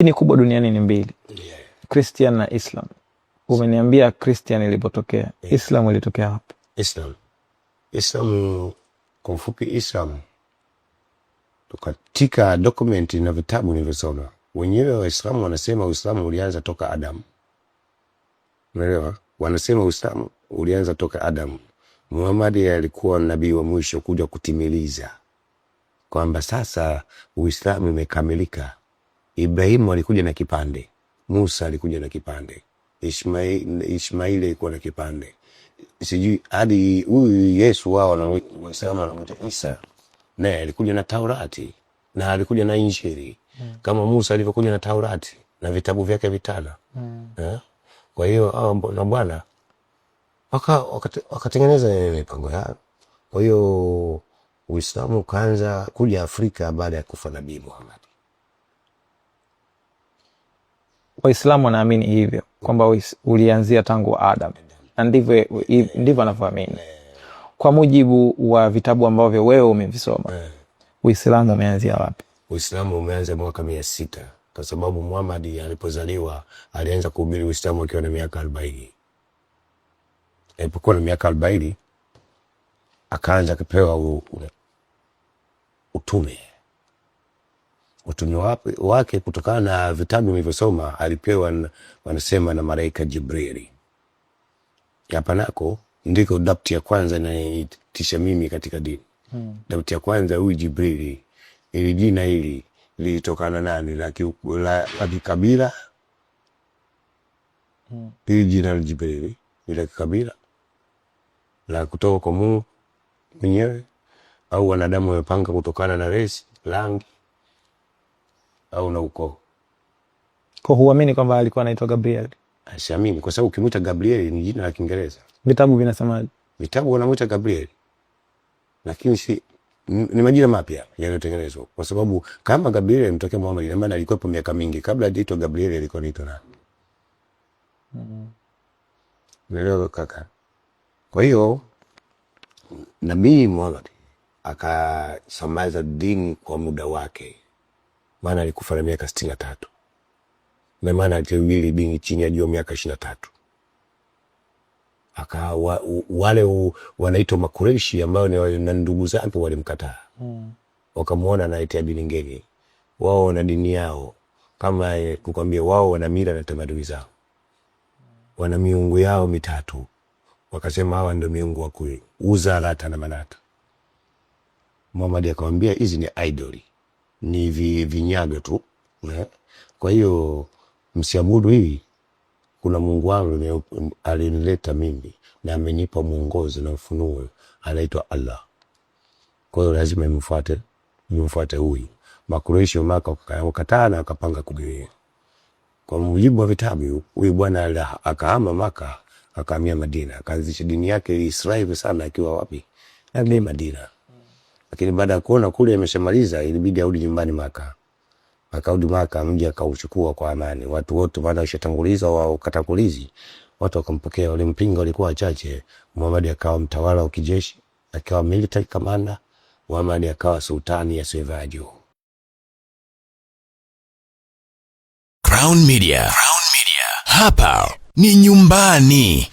Dini kubwa duniani ni mbili, Christian na Islam. Umeniambia Christian ilipotokea, Islam ilitokea wapi? Islam, Islam kwa ufupi, Islam katika dokumenti na vitabu nilivyosoma, wenyewe Waislamu wanasema Uislamu ulianza toka Adamu. Unaelewa, wanasema Uislamu ulianza toka Adamu. Muhamadi alikuwa nabii wa mwisho kuja kutimiliza kwamba sasa Uislamu imekamilika Ibrahimu alikuja na kipande, Musa alikuja na kipande, Ishmaili Ishmaili alikuwa na kipande, sijui hadi huyu Yesu wao na wanasema anamwita Isa, naye alikuja na Taurati na alikuja na Injili hmm. kama Musa alivyokuja na Taurati na vitabu vyake vitano hmm. yeah? kwa hiyo ah, na Bwana waka wakatengeneza waka mipango yao. Kwa hiyo Uislamu ukaanza kuja Afrika baada ya kufa Nabii Muhammad. Waislamu wanaamini hivyo kwamba ulianzia tangu Adam, na ndivyo ndivyo anavyoamini kwa mujibu wa vitabu ambavyo wewe umevisoma. Eh. Uislamu umeanzia wapi? Uislamu umeanza mwaka mia sita kwa sababu Muhammad alipozaliwa alianza kuhubiri Uislamu akiwa na miaka arobaini. Alipokuwa na miaka arobaini akaanza kupewa utume utumi wake kutokana na vitabu nilivyosoma alipewa, wanasema na malaika Jibrili. Hapa nako ndiko dapti ya kwanza naitisha mimi katika dini hmm. Dapti ya kwanza huyu Jibrili, ili jina hili lilitokana nani la kikabila hmm. Ili jina la Jibrili ni la kikabila la kutoka kwa Mungu mwenyewe au wanadamu wamepanga kutokana na resi, rangi au na ukoo. Kwa huamini kwamba alikuwa anaitwa Gabriel? Asiamini kwa sababu ukimwita Gabriel ni jina la Kiingereza. Vitabu vinasemaje? Vitabu wanamwita Gabriel, lakini si ni majina mapya yaliyotengenezwa, kwa sababu kama Gabriel alimtokea Muhammad, ina maana alikuwepo miaka mingi kabla ajaitwa Gabriel. Alikuwa anaitwa nani? mm -hmm. kaka. Kwa hiyo Nabii Muhammad akasambaza dini kwa muda wake maana alikufa na miaka sitini na tatu na maana aliwili bingi chini ya juu miaka ishirini na tatu akawa wa, wale wanaitwa makureshi ambao na ndugu zake walimkataa mm. Wakamwona anaitia bilingeni, wao wana dini yao, kama kukwambia, eh, wao wana mila na tamaduni zao, wana miungu yao mitatu. Wakasema hawa ndio miungu wa kweli, Uza, Lata na Manata. Muhamadi akawambia hizi ni idoli ni vi, vinyago tu eh. Kwa hiyo msiabudu hivi, kuna Mungu wangu alinileta mimi na amenipa mwongozo na ufunuo, anaitwa Allah. Kwa hiyo lazima mfuate, mfuate huyu. Makureishi Maka wakataa na wakapanga kugeia. Kwa mujibu wa vitabu, huyu bwana akahama Maka akahamia Madina, akaanzisha dini yake Israeli sana, akiwa wapi? Na Madina. Lakini baada ya kuona kule ameshamaliza ilibidi arudi nyumbani Maka. Akarudi Maka, mji akauchukua kwa amani. Watu wote baada washatanguliza wa katangulizi, watu wakampokea. Walimpinga walikuwa wachache. Muhammad akawa mtawala wa kijeshi, akawa military commander. Muhammad akawa sultani asiyevaa ya juu. Crown Media. Crown Media. Hapa ni nyumbani.